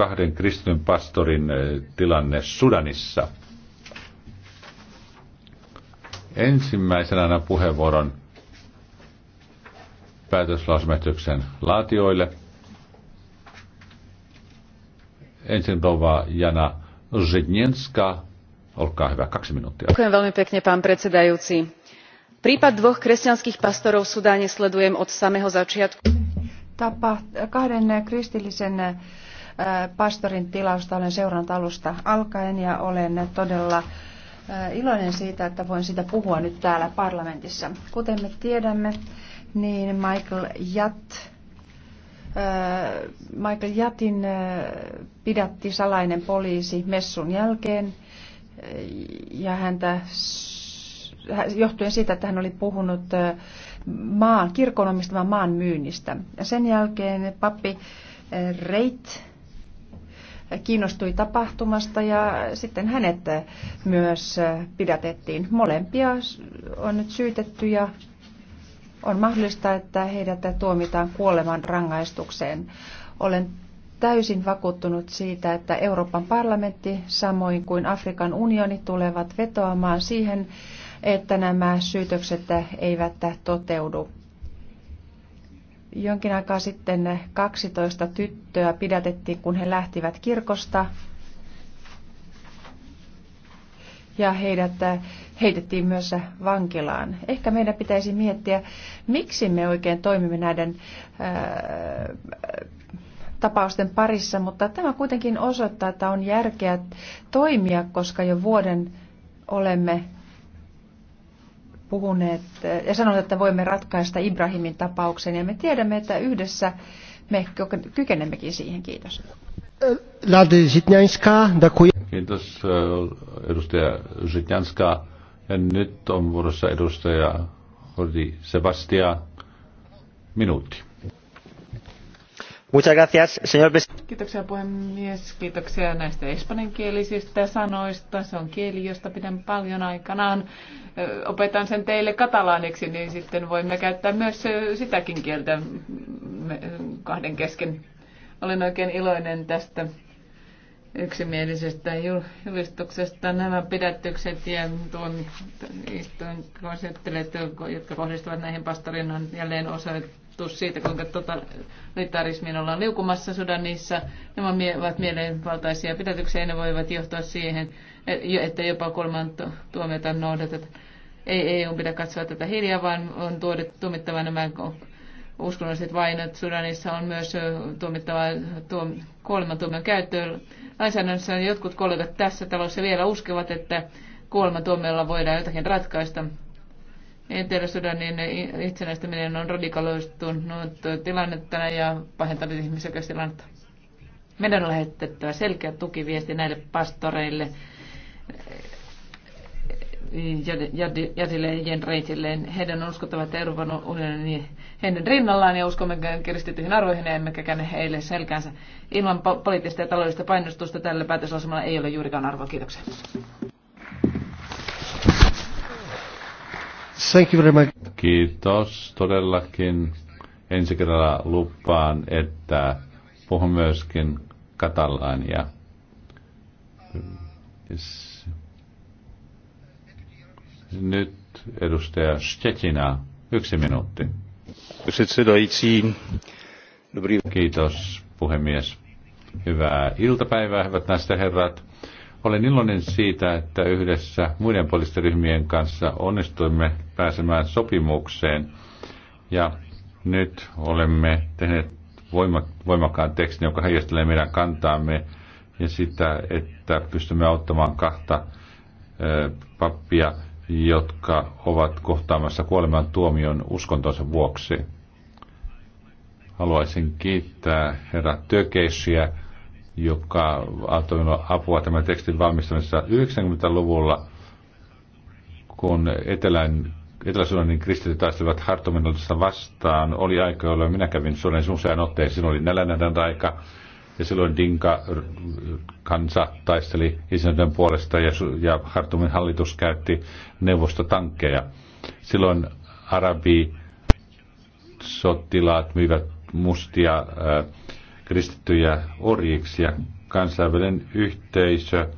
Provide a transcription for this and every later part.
kahden kristityn pastorin eh, tilanne Sudanissa. Ensimmäisenä puheenvuoron päätöslausmetyksen laatioille. Ensin rouva Jana Zidnienska, olkaa hyvä, kaksi minuuttia. Kiitos veľmi pekne, pán predsedajúci. Prípad dvoch kresťanských pastorov v Sudáne sledujem od samého začiatku. Tapa kahden kristillisen pastorin tilausta olen seurannut alusta alkaen ja olen todella iloinen siitä, että voin siitä puhua nyt täällä parlamentissa. Kuten me tiedämme, niin Michael Jatt, Michael Jatin pidätti salainen poliisi messun jälkeen ja häntä johtuen siitä, että hän oli puhunut maan, kirkon omistaman maan myynnistä. Ja sen jälkeen pappi Reit kiinnostui tapahtumasta ja sitten hänet myös pidätettiin. Molempia on nyt syytetty ja on mahdollista, että heidät tuomitaan kuoleman rangaistukseen. Olen täysin vakuuttunut siitä, että Euroopan parlamentti samoin kuin Afrikan unioni tulevat vetoamaan siihen, että nämä syytökset eivät toteudu. Jonkin aikaa sitten 12 tyttöä pidätettiin, kun he lähtivät kirkosta. Ja heidät äh, heitettiin myös vankilaan. Ehkä meidän pitäisi miettiä, miksi me oikein toimimme näiden ää, äh, tapausten parissa, mutta tämä kuitenkin osoittaa, että on järkeä toimia, koska jo vuoden olemme puhuneet eh, ja sanoneet, että voimme ratkaista Ibrahimin tapauksen ja me tiedämme, että yhdessä me kykenemmekin siihen. Kiitos. Kiitos eh, edustaja Zitjanska. Ja nyt on vuorossa edustaja Hordi Sebastia. Minuutti. Kiitoksia puhemies, kiitoksia näistä espanjankielisistä sanoista. Se on kieli, josta pidän paljon aikanaan. Opetan sen teille katalaaniksi, niin sitten voimme käyttää myös sitäkin kieltä kahden kesken. Olen oikein iloinen tästä yksimielisestä julistuksesta. Nämä pidätykset ja tuon istuin jotka kohdistuvat näihin pastorin on jälleen osoitettu todistus siitä, kuinka totalitarismiin ollaan liukumassa Sudanissa. Nämä ovat mielenvaltaisia pidätyksiä ja ne voivat johtaa siihen, e, että jopa kolman tuomiota noudatetaan. Ei EU pidä katsoa tätä hiljaa, vaan on tuomittava nämä uskonnolliset vainot. Sudanissa on myös tuomittava kolman tuomion käyttöön. Lainsäädännössä jotkut kollegat tässä talossa vielä uskovat, että tuomiolla voidaan jotakin ratkaista. Etelä-Sudanin itsenäistäminen on radikaloistunut tilannettana ja pahentanut ihmisoikeustilannetta. Meidän on lähetettävä selkeä tukiviesti näille pastoreille, ja ja Jenreitilleen. Heidän on uskottava, että Euroopan unioni heidän rinnallaan ja uskomme kiristettyihin arvoihin ja emmekä käänne heille selkänsä. Ilman poliittista ja taloudellista painostusta tällä päätöslausumalla ei ole juurikaan arvoa. Kiitoksia. Thank you very much. Kiitos todellakin. Ensi kerralla lupaan, että puhun myöskin katalaania. Nyt edustaja Stetina, yksi minuutti. Kiitos puhemies. Hyvää iltapäivää, hyvät näistä herrat. Olen iloinen siitä, että yhdessä muiden poliisiryhmien kanssa onnistuimme pääsemään sopimukseen. Ja nyt olemme tehneet voimakkaan tekstin, joka heijastelee meidän kantaamme ja sitä, että pystymme auttamaan kahta pappia, jotka ovat kohtaamassa kuoleman tuomion uskontonsa vuoksi. Haluaisin kiittää herra Tökeisiä joka antoi minua apua tämän tekstin valmistamisessa 90-luvulla, kun etelän Etelä-Sudanin kristityt taistelivat hartominolta vastaan. Oli aika, jolloin minä kävin Suomen usean otteen. Silloin oli nälänhädän aika ja silloin Dinka kansa taisteli isännön puolesta ja, ja Hartumin hallitus käytti neuvostotankkeja. Silloin arabi sotilaat myivät mustia äh, kristittyjä orjiksi ja kansainvälinen yhteisö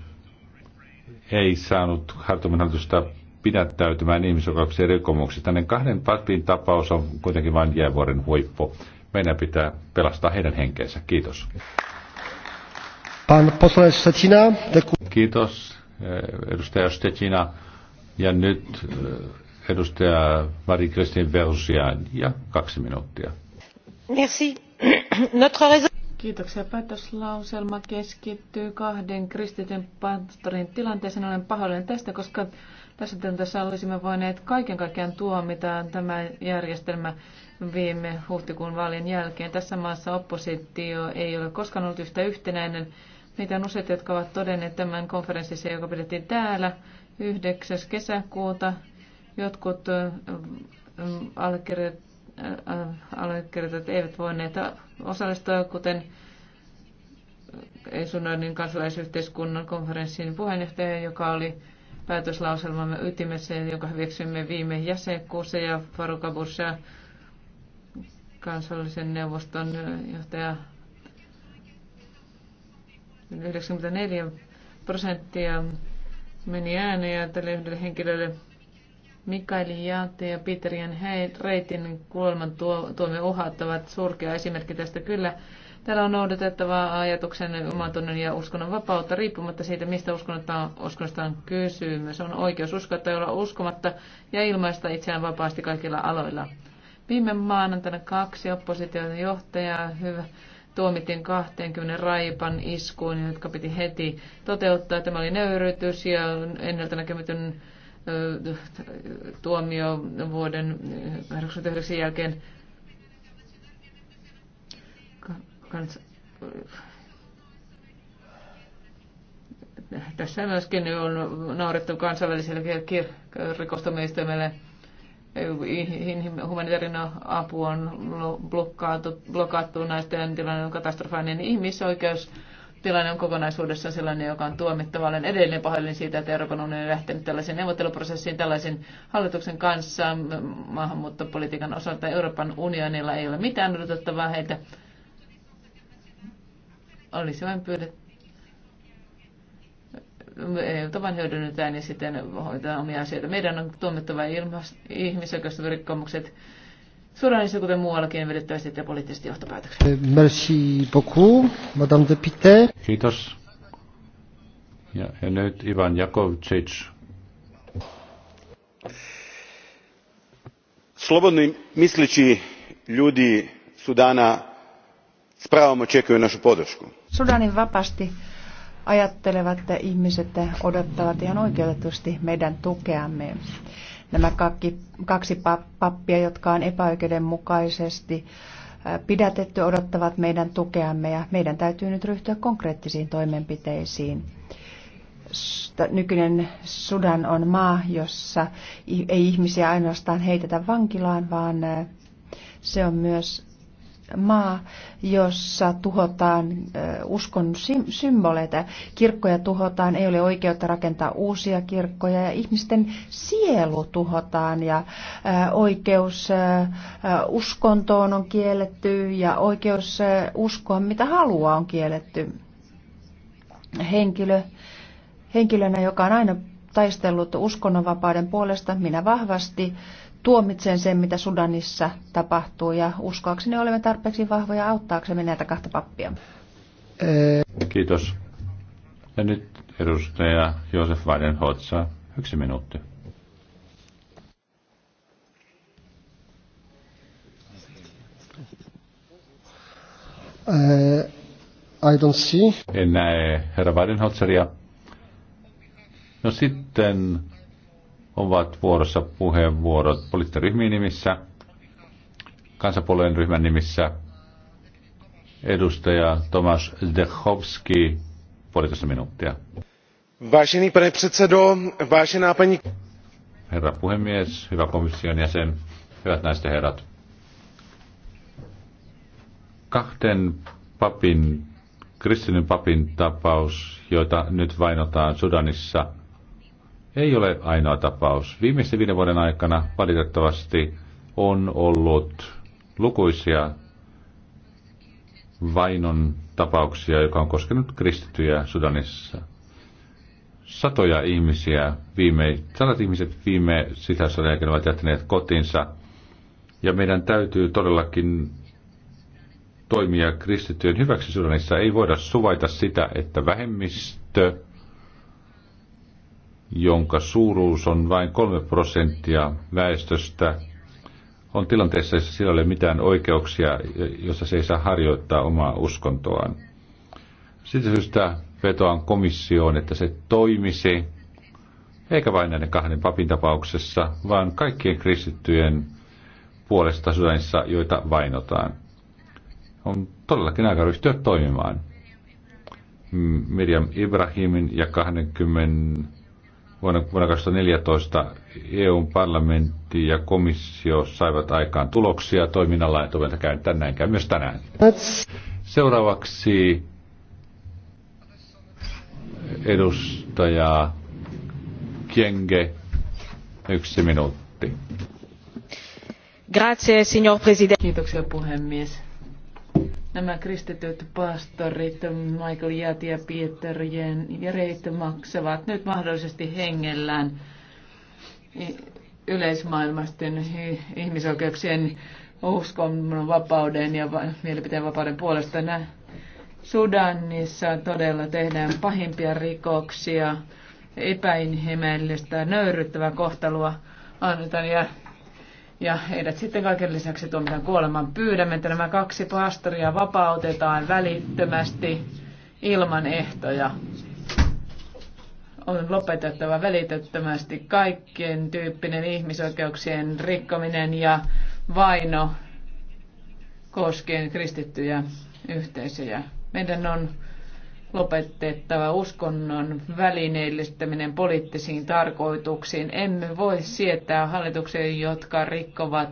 ei saanut Hartumin hallitusta pidättäytymään ihmisoikeuksien rikomuksista. Tänne kahden papin tapaus on kuitenkin vain jäävuoren huippu. Meidän pitää pelastaa heidän henkeensä. Kiitos. Pan Stetina. Kiitos, eh, edustaja Stetina. Ja nyt eh, edustaja marie Kristin Vergian ja kaksi minuuttia. Merci. Notre raison... Kiitoksia. Päätöslauselma keskittyy kahden kristityn pastorin tilanteeseen. Olen pahoillani tästä, koska tässä tilanteessa olisimme voineet kaiken kaikkiaan tuomita tämä järjestelmä viime huhtikuun vaalien jälkeen. Tässä maassa oppositio ei ole koskaan ollut yhtä yhtenäinen. Niitä on useita, jotka ovat todenneet tämän konferenssissa, joka pidettiin täällä 9. kesäkuuta. Jotkut allekirjoittavat allekirjoitajat eivät voineet osallistua, kuten Sudanin kansalaisyhteiskunnan konferenssin puheenjohtaja, joka oli päätöslauselmamme ytimessä, jonka hyväksymme viime jäsenkuussa, ja Faruk kansallisen neuvoston johtaja, 94 prosenttia meni ääneen ja tälle yhdelle henkilölle Mikael Jaatte ja Peterien Reitin kuoleman tuomion uhat ovat surkea esimerkki tästä kyllä. Täällä on noudatettava ajatuksen, omatunnon ja uskonnon vapautta riippumatta siitä, mistä uskonnosta on kysymys. On oikeus uskoa tai olla uskomatta ja ilmaista itseään vapaasti kaikilla aloilla. Viime maanantaina kaksi opposition johtajaa hyvä, tuomittiin 20 raipan iskuun, jotka piti heti toteuttaa. Tämä oli nöyrytys ja ennaltanäkemätön näkemätön tuomio vuoden 1989 jälkeen kans, tässä myöskin on naurettu kansainväliselle rikostomistamille. Humanitaarinen apu on blokkaattu, blokkaattu naisten tilanne on Ihmisoikeus tilanne on kokonaisuudessaan sellainen, joka on tuomittava. Olen edelleen pahoillinen siitä, että Euroopan unioni on lähtenyt tällaisen neuvotteluprosessiin tällaisen hallituksen kanssa maahanmuuttopolitiikan osalta. Euroopan unionilla ei ole mitään odotettavaa heitä. Olisi vain pyydetty vain hyödynnetään ja sitten hoitaa omia asioita. Meidän on tuomittava ilmas, ihmisoikeusrikkomukset suoranaisesti kuten muuallakin vedettävästi ja poliittisesti johtopäätöksiä. Merci beaucoup, Madame de Pite. Kiitos. Ja, ja nyt Ivan Jakovčić. Slobodni misleći ljudi Sudana s pravom očekuju našu podršku. Sudanin vapasti ajattelevat ihmiset odottavat ihan oikeutetusti meidän tukeamme. Nämä kaksi, kaksi pappia, jotka on epäoikeudenmukaisesti pidätetty, odottavat meidän tukeamme ja meidän täytyy nyt ryhtyä konkreettisiin toimenpiteisiin. Nykyinen Sudan on maa, jossa ei ihmisiä ainoastaan heitetä vankilaan, vaan se on myös maa, jossa tuhotaan uskon symboleita. Kirkkoja tuhotaan, ei ole oikeutta rakentaa uusia kirkkoja ja ihmisten sielu tuhotaan ja oikeus uskontoon on kielletty ja oikeus uskoa mitä haluaa on kielletty. Henkilö, henkilönä, joka on aina taistellut uskonnonvapauden puolesta, minä vahvasti äh, tuomitsen sen, mitä Sudanissa tapahtuu ja uskoakseni olemme tarpeeksi vahvoja auttaaksemme näitä kahta pappia. Kiitos. Ja nyt edustaja Joosef Weidenholzer, yksi minuutti. Uh, I don't see. En näe herra Weidenholzeria. No sitten ovat vuorossa puheenvuorot poliittisten ryhmien nimissä, kansapuolueen ryhmän nimissä edustaja Tomasz Zdechowski, puolitoista minuuttia. Vážený pane předsedo, vážená paní... Herra puhemies, hyvä komission jäsen, hyvät naiset ja herrat. Kahden papin, kristillinen papin tapaus, joita nyt vainotaan Sudanissa – ei ole ainoa tapaus. Viimeisten viiden vuoden aikana valitettavasti on ollut lukuisia vainon tapauksia, joka on koskenut kristittyjä Sudanissa. Satoja ihmisiä, viime, sadat ihmiset viime sisäisodan jälkeen ovat jättäneet kotinsa. Ja meidän täytyy todellakin toimia kristittyjen hyväksi Sudanissa. Ei voida suvaita sitä, että vähemmistö jonka suuruus on vain 3 prosenttia väestöstä, on tilanteessa, jossa sillä ei ole mitään oikeuksia, jossa se ei saa harjoittaa omaa uskontoaan. Sitä syystä vetoan komissioon, että se toimisi, eikä vain näiden kahden papin tapauksessa, vaan kaikkien kristittyjen puolesta sydänissä, joita vainotaan. On todellakin aika ryhtyä toimimaan. Miriam Ibrahimin ja 20 Vuonna, vuonna 2014 EUn parlamentti ja komissio saivat aikaan tuloksia toiminnalla ja toivon, käyn tänään käy myös tänään. Seuraavaksi edustaja Kienge, yksi minuutti. Grazie, signor Presidente. Kiitoksia puhemies nämä kristityt pastorit, Michael Jät ja Pieter ja Reit maksavat nyt mahdollisesti hengellään yleismaailmasten ihmisoikeuksien uskonnon vapauden ja mielipiteen vapauden puolesta. Sudanissa todella tehdään pahimpia rikoksia, epäinhimillistä, nöyryttävää kohtelua annetaan ja ja heidät sitten kaiken lisäksi tuomitaan kuoleman Pyydämme, että nämä kaksi pastoria vapautetaan välittömästi ilman ehtoja. On lopetettava välitettömästi kaikkien tyyppinen ihmisoikeuksien rikkominen ja vaino koskien kristittyjä yhteisöjä. Meidän on lopetettava uskonnon välineellistäminen poliittisiin tarkoituksiin. Emme voi sietää hallituksia, jotka rikkovat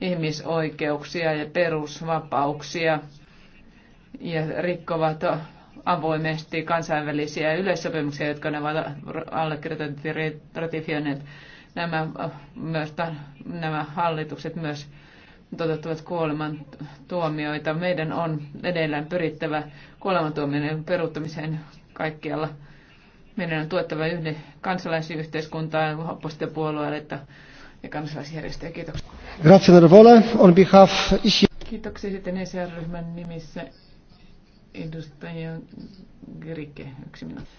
ihmisoikeuksia ja perusvapauksia ja rikkovat avoimesti kansainvälisiä yleissopimuksia, jotka ne ovat allekirjoittaneet ja ratifioineet. Nämä, äh, myös, nämä hallitukset myös toteuttavat kuoleman tuomioita. Meidän on edelleen pyrittävä kuolemantuomioiden peruuttamiseen kaikkialla. Meidän on tuettava yhden kansalaisyhteiskuntaa, ja oppositiopuolueelle ja kansalaisjärjestöjä. Kiitoksia. Grazie Vole, On behalf Kiitoksia sitten ESR-ryhmän nimissä edustaja Grike. Yksi minuutti.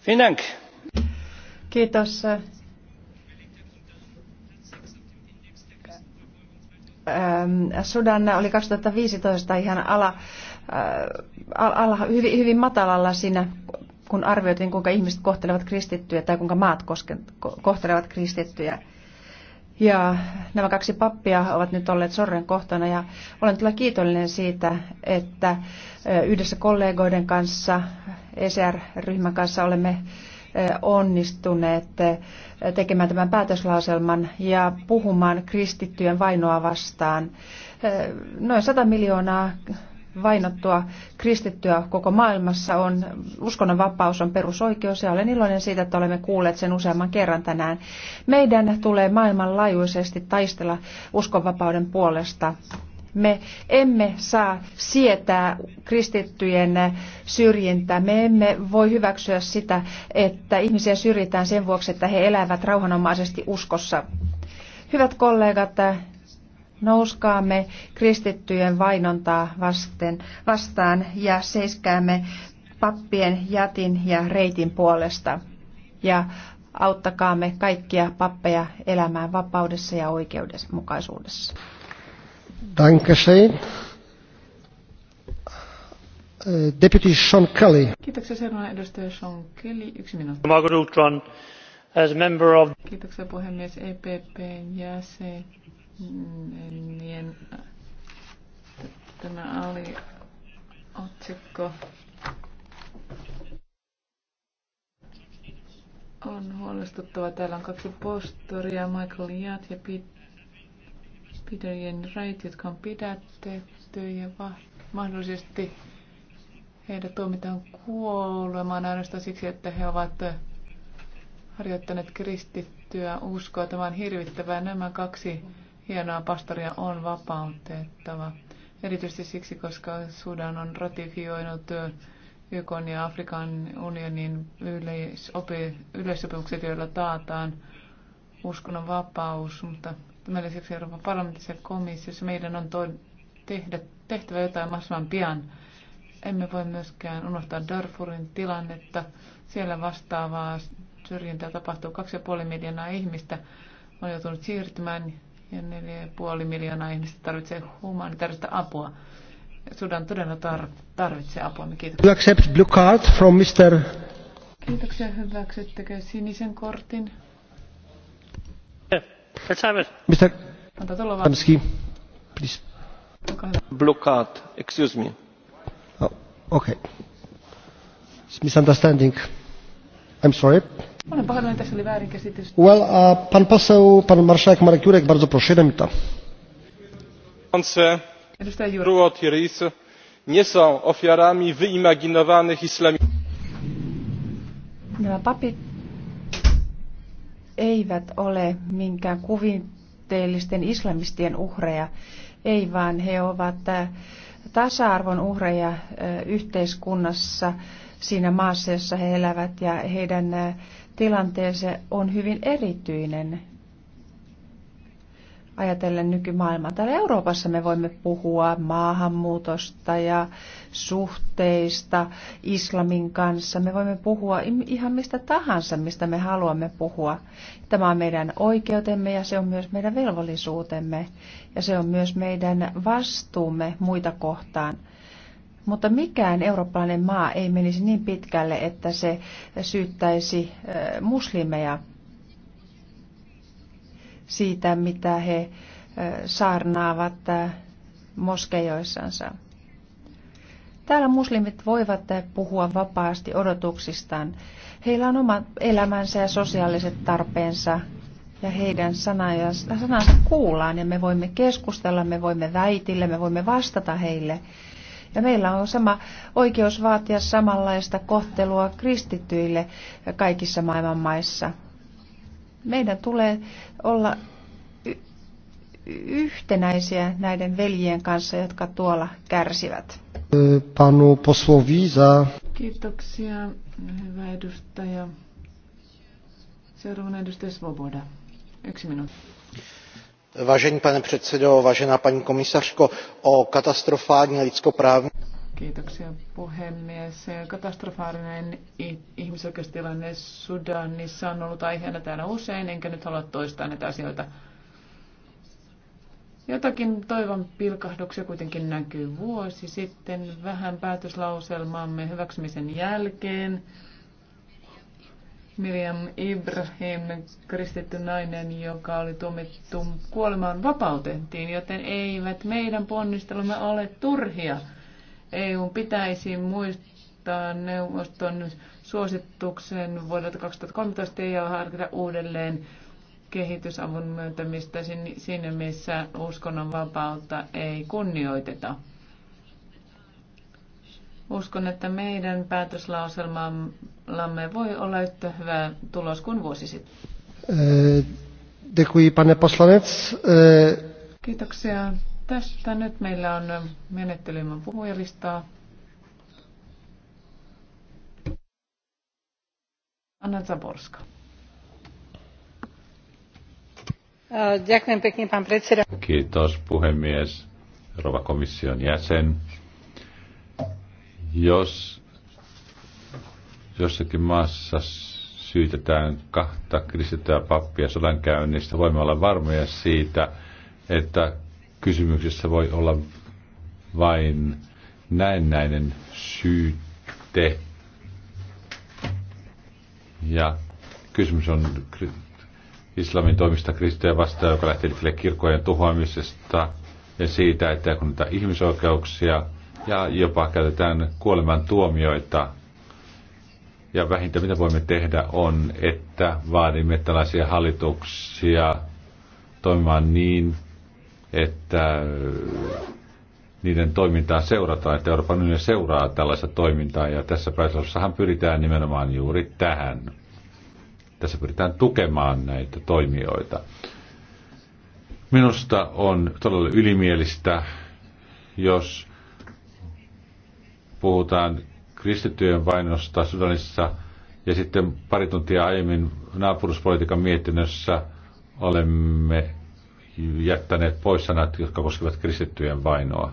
Finank. Kiitos Ähm, Sudan oli 2015 ihan ala, äh, ala hyvin, hyvin matalalla siinä, kun arvioitiin, kuinka ihmiset kohtelevat kristittyjä tai kuinka maat kohtelevat kristittyjä. Ja nämä kaksi pappia ovat nyt olleet sorren kohtana ja olen todella kiitollinen siitä, että yhdessä kollegoiden kanssa, ECR-ryhmän kanssa olemme onnistuneet tekemään tämän päätöslauselman ja puhumaan kristittyjen vainoa vastaan. Noin 100 miljoonaa vainottua kristittyä koko maailmassa on, uskonnonvapaus on perusoikeus ja olen iloinen siitä, että olemme kuulleet sen useamman kerran tänään. Meidän tulee maailmanlaajuisesti taistella uskonvapauden puolesta me emme saa sietää kristittyjen syrjintää. Me emme voi hyväksyä sitä, että ihmisiä syrjitään sen vuoksi, että he elävät rauhanomaisesti uskossa. Hyvät kollegat, nouskaamme kristittyjen vainontaa vasten, vastaan ja seiskäämme pappien, jätin ja reitin puolesta. Ja auttakaamme kaikkia pappeja elämään vapaudessa ja oikeudenmukaisuudessa. Äh, Kelly. Kiitoksia seuraavana edustaja Sean Kelly. Yksi minuutti. As member of... Kiitoksia puhemies EPP jäsenien. Tämä oli otsikko. On huolestuttava. Täällä on kaksi postoria, Michael Yatt ja Pete pitäjien rajat, jotka on pidätetty ja mahdollisesti heidät tuomitaan kuolemaan ainoastaan siksi, että he ovat harjoittaneet kristittyä uskoa. Tämä on hirvittävää. Nämä kaksi hienoa pastoria on vapautettava. Erityisesti siksi, koska Sudan on ratifioinut YK ja Afrikan unionin yleissopimukset, joilla taataan uskonnon vapaus, mutta Tämän lisäksi Euroopan parlamentissa komissiossa meidän on tehdä, tehtävä jotain mahdollisimman pian. Emme voi myöskään unohtaa Darfurin tilannetta. Siellä vastaavaa syrjintää tapahtuu 2,5 miljoonaa ihmistä on joutunut siirtymään ja 4,5 miljoonaa ihmistä tarvitsee humanitaarista apua. Sudan todella tar- tarvitsee apua. Kiitoksia. You accept blue card from Mr. Kiitoksia. Hyväksyttekö sinisen kortin? Yeah. Let's have it. Mr. Adamski, please. Blockade, excuse me. Oh, okay. It's misunderstanding. I'm sorry. Olen pahoillani, tässä oli väärinkäsitys. Well, uh, pan poseł, pan marszałek Marek Jurek, bardzo proszę, 7 minuta. Edustaja Jurek nie są ofiarami wyimaginowanych islamistów eivät ole minkään kuvitteellisten islamistien uhreja, ei vaan he ovat äh, tasa-arvon uhreja äh, yhteiskunnassa siinä maassa, jossa he elävät ja heidän äh, tilanteensa on hyvin erityinen ajatellen nykymaailmaa. Täällä Euroopassa me voimme puhua maahanmuutosta ja suhteista islamin kanssa. Me voimme puhua ihan mistä tahansa, mistä me haluamme puhua. Tämä on meidän oikeutemme ja se on myös meidän velvollisuutemme ja se on myös meidän vastuumme muita kohtaan. Mutta mikään eurooppalainen maa ei menisi niin pitkälle, että se syyttäisi muslimeja siitä, mitä he saarnaavat moskeijoissansa. Täällä muslimit voivat puhua vapaasti odotuksistaan. Heillä on oma elämänsä ja sosiaaliset tarpeensa ja heidän sanansa kuullaan ja me voimme keskustella, me voimme väitillä, me voimme vastata heille. Ja meillä on sama oikeus vaatia samanlaista kohtelua kristittyille kaikissa maailman maissa. Meidän tulee olla yhtenäisiä näiden veljien kanssa, jotka tuolla kärsivät. E, panu posłowi za... Kiitoksia, hyvä edustaja. Seuraavana edustaja Svoboda. Yksi minuutti. Vážený pane předsedo, vážená paní komisařko, o katastrofální lidskoprávní... Kiitoksia puhemies. Katastrofaarinen ihmisoikeustilanne Sudanissa on ollut aiheena täällä usein, enkä nyt halua toistaa näitä asioita Jotakin toivon pilkahduksia kuitenkin näkyy vuosi sitten, vähän päätöslauselmaamme hyväksymisen jälkeen. Miriam Ibrahim, kristitty nainen, joka oli tuomittu kuolemaan, vapautettiin, joten eivät meidän ponnistelumme ole turhia. EUn pitäisi muistaa neuvoston suosituksen vuodelta 2013 ja harkita uudelleen kehitysavun myöntämistä sinne, missä uskonnonvapautta ei kunnioiteta. Uskon, että meidän päätöslauselmamme voi olla yhtä hyvä tulos kuin vuosi sitten. Eh, eh, Kiitoksia tästä. Nyt meillä on menettelymän puhujalistaa. Anna Zaborska. Kiitos puhemies, rouva komission jäsen. Jos jossakin maassa syytetään kahta kristittyä pappia sodankäynnistä, voimme olla varmoja siitä, että kysymyksessä voi olla vain näennäinen syyte. Ja kysymys on islamin toimista kristiä vastaan, joka lähti liikkeelle kirkkojen tuhoamisesta ja siitä, että kun niitä ihmisoikeuksia ja jopa käytetään kuoleman tuomioita. Ja vähintä mitä voimme tehdä on, että vaadimme tällaisia hallituksia toimimaan niin, että niiden toimintaa seurataan, että Euroopan unioni seuraa tällaista toimintaa, ja tässä päätösossahan pyritään nimenomaan juuri tähän. Tässä pyritään tukemaan näitä toimijoita. Minusta on todella ylimielistä, jos puhutaan kristittyjen vainosta Sudanissa ja sitten pari tuntia aiemmin naapuruspolitiikan mietinnössä olemme jättäneet pois sanat, jotka koskevat kristittyjen vainoa.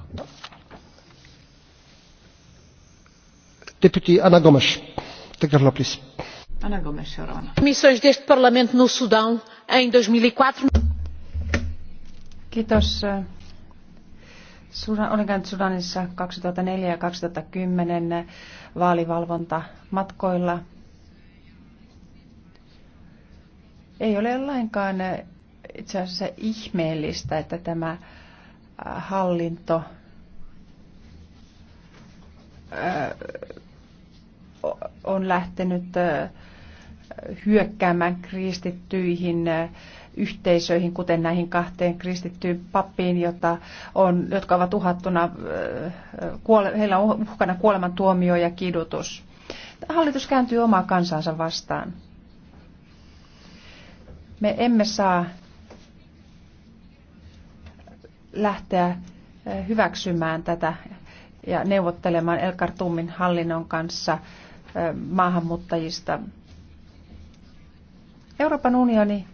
Deputy Anna Gomes, take please. Ana Gomes, seuraavana. Missões deste parlamento no Sudão em 2004. E Kiitos. Eh, Olen käynyt Sudanissa 2004 ja 2010 eh, vaalivalvontamatkoilla. Ei ole lainkaan eh, itse asiassa ihmeellistä, että tämä hallinto on lähtenyt hyökkäämään kristittyihin yhteisöihin, kuten näihin kahteen kristittyyn pappiin, jota on, jotka ovat uhattuna, heillä on uhkana kuolemantuomio ja kidutus. Hallitus kääntyy omaa kansansa vastaan. Me emme saa lähteä hyväksymään tätä ja neuvottelemaan elkartummin hallinnon kanssa maahanmuuttajista. Euroopan unioni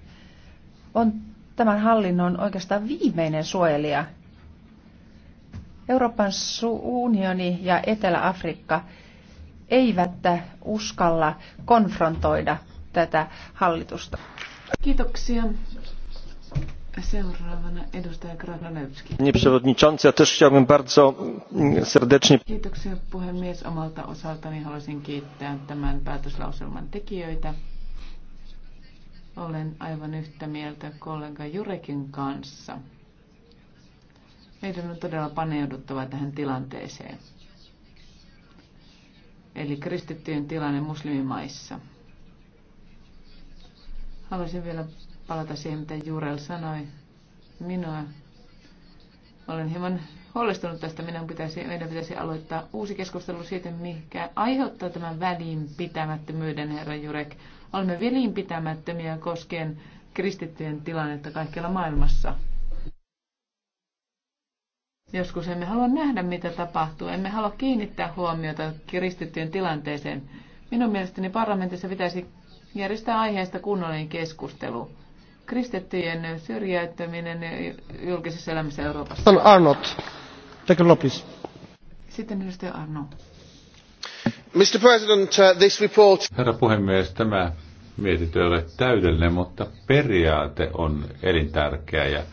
on tämän hallinnon oikeastaan viimeinen suojelija. Euroopan unioni ja Etelä-Afrikka eivät uskalla konfrontoida tätä hallitusta. Kiitoksia. Seuraavana edustaja Krasnodębski. Panie przewodniczący, ja też chciałbym bardzo mm, serdecznie... kiittää tämän päätöslauselman tekijöitä. Olen aivan yhtä mieltä kollega Jurekin kanssa. Meidän on todella paneuduttava tähän tilanteeseen. Eli kristittyjen tilanne muslimimaissa. Haluaisin vielä palata siihen, mitä Jurel sanoi. Minua olen hieman huolestunut tästä. Minun pitäisi, meidän pitäisi aloittaa uusi keskustelu siitä, mikä aiheuttaa tämän välinpitämättömyyden, herra Jurek. Olemme välinpitämättömiä koskien kristittyjen tilannetta kaikkialla maailmassa. Joskus emme halua nähdä, mitä tapahtuu. Emme halua kiinnittää huomiota kristittyjen tilanteeseen. Minun mielestäni parlamentissa pitäisi järjestää aiheesta kunnollinen keskustelu kristittyjen syrjäyttäminen julkisessa elämässä Euroopassa. Arnott. Take a Sitten edustaja Arno. Mr. President, uh, this report... Herra puhemies, tämä mietintö ei ole täydellinen, mutta periaate on elintärkeä ja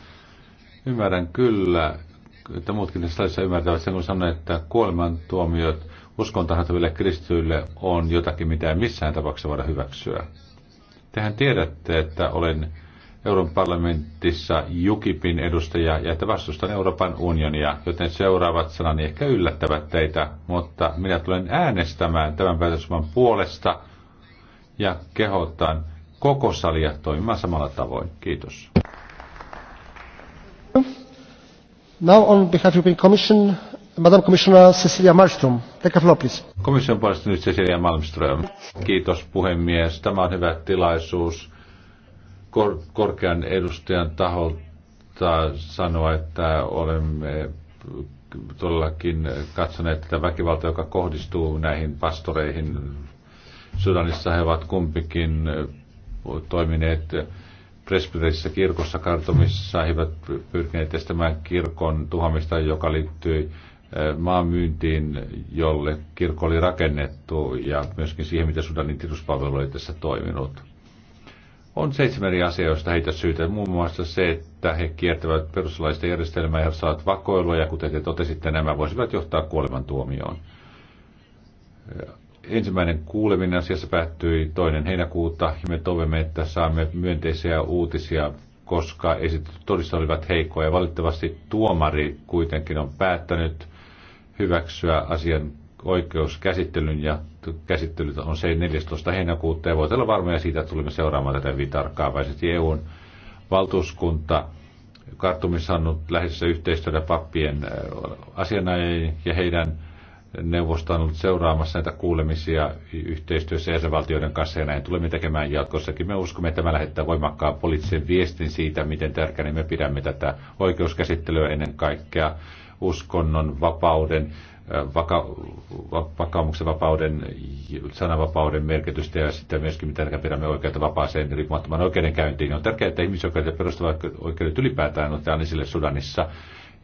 ymmärrän kyllä, että muutkin tässä salissa ymmärtävät sen, kun sanon, että kuolemantuomiot tahattaville kristityille on jotakin, mitä ei missään tapauksessa voida hyväksyä. Tehän tiedätte, että olen Euroopan parlamentissa Jukipin edustaja ja että vastustan Euroopan unionia, joten seuraavat sanani ehkä yllättävät teitä, mutta minä tulen äänestämään tämän päätösman puolesta ja kehotan koko salia toimimaan samalla tavoin. Kiitos. Now on behalf of European Commission, Madam Commissioner Cecilia Malmström. Take a floor, please. Komission puolesta nyt Cecilia Malmström. Kiitos puhemies. Tämä on hyvä tilaisuus kor- korkean edustajan taholta sanoa, että olemme todellakin katsoneet tätä väkivaltaa, joka kohdistuu näihin pastoreihin. Sudanissa he ovat kumpikin toimineet presbyterissä kirkossa kartomissa, he ovat pyrkineet estämään kirkon tuhamista, joka liittyi eh, maanmyyntiin, jolle kirkko oli rakennettu ja myöskin siihen, mitä Sudanin tiedotuspalvelu oli tässä toiminut. On seitsemän eri asiaa, joista heitä syytä. Muun muassa se, että he kiertävät perustuslaista järjestelmää ja saavat vakoilua, ja kuten te totesitte, nämä voisivat johtaa kuolemantuomioon. Ensimmäinen kuuleminen asiassa päättyi toinen heinäkuuta, ja me toivomme, että saamme myönteisiä uutisia, koska esitetyt todistajat olivat heikkoja. Valitettavasti tuomari kuitenkin on päättänyt hyväksyä asian oikeuskäsittelyn ja käsittely on se 14. heinäkuuta ja voit olla varmoja siitä, että tulemme seuraamaan tätä hyvin tarkkaavaisesti. EUn valtuuskunta kartumissa on ollut yhteistyötä pappien asianajajien ja heidän neuvosto on ollut seuraamassa näitä kuulemisia yhteistyössä jäsenvaltioiden kanssa ja näin tulemme tekemään jatkossakin. Me uskomme, että tämä lähettää voimakkaan poliittisen viestin siitä, miten tärkeänä me pidämme tätä oikeuskäsittelyä ennen kaikkea uskonnon, vapauden, vaka- vakaumuksen vapauden, sananvapauden merkitystä ja sitten myöskin mitä pidämme oikeutta vapaaseen riippumattoman oikeudenkäyntiin. On tärkeää, että ihmisoikeudet ja perustuvat oikeudet ylipäätään otetaan esille Sudanissa.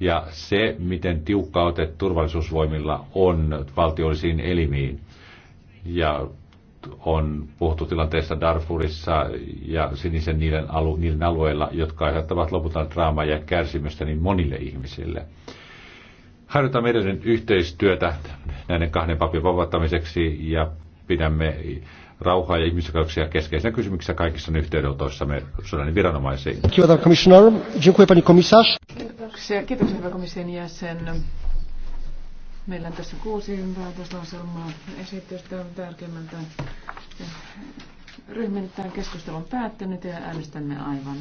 Ja se, miten tiukka ote turvallisuusvoimilla on valtiollisiin elimiin. Ja on puhuttu tilanteesta Darfurissa ja sinisen niiden, alu, niiden alueilla, jotka aiheuttavat lopulta draamaa ja kärsimystä niin monille ihmisille harjoitamme edelleen yhteistyötä näiden kahden papin vapauttamiseksi ja pidämme rauhaa ja ihmisoikeuksia keskeisenä kysymyksessä kaikissa yhteydenotoissamme Sudanin viranomaisiin. Kiitoksia, kiitoksia hyvä komission jäsen. Meillä on tässä kuusi päätöslauselmaa esitystä tärkeimmältä ryhmiltään. Keskustelu on päättynyt ja äänestämme aivan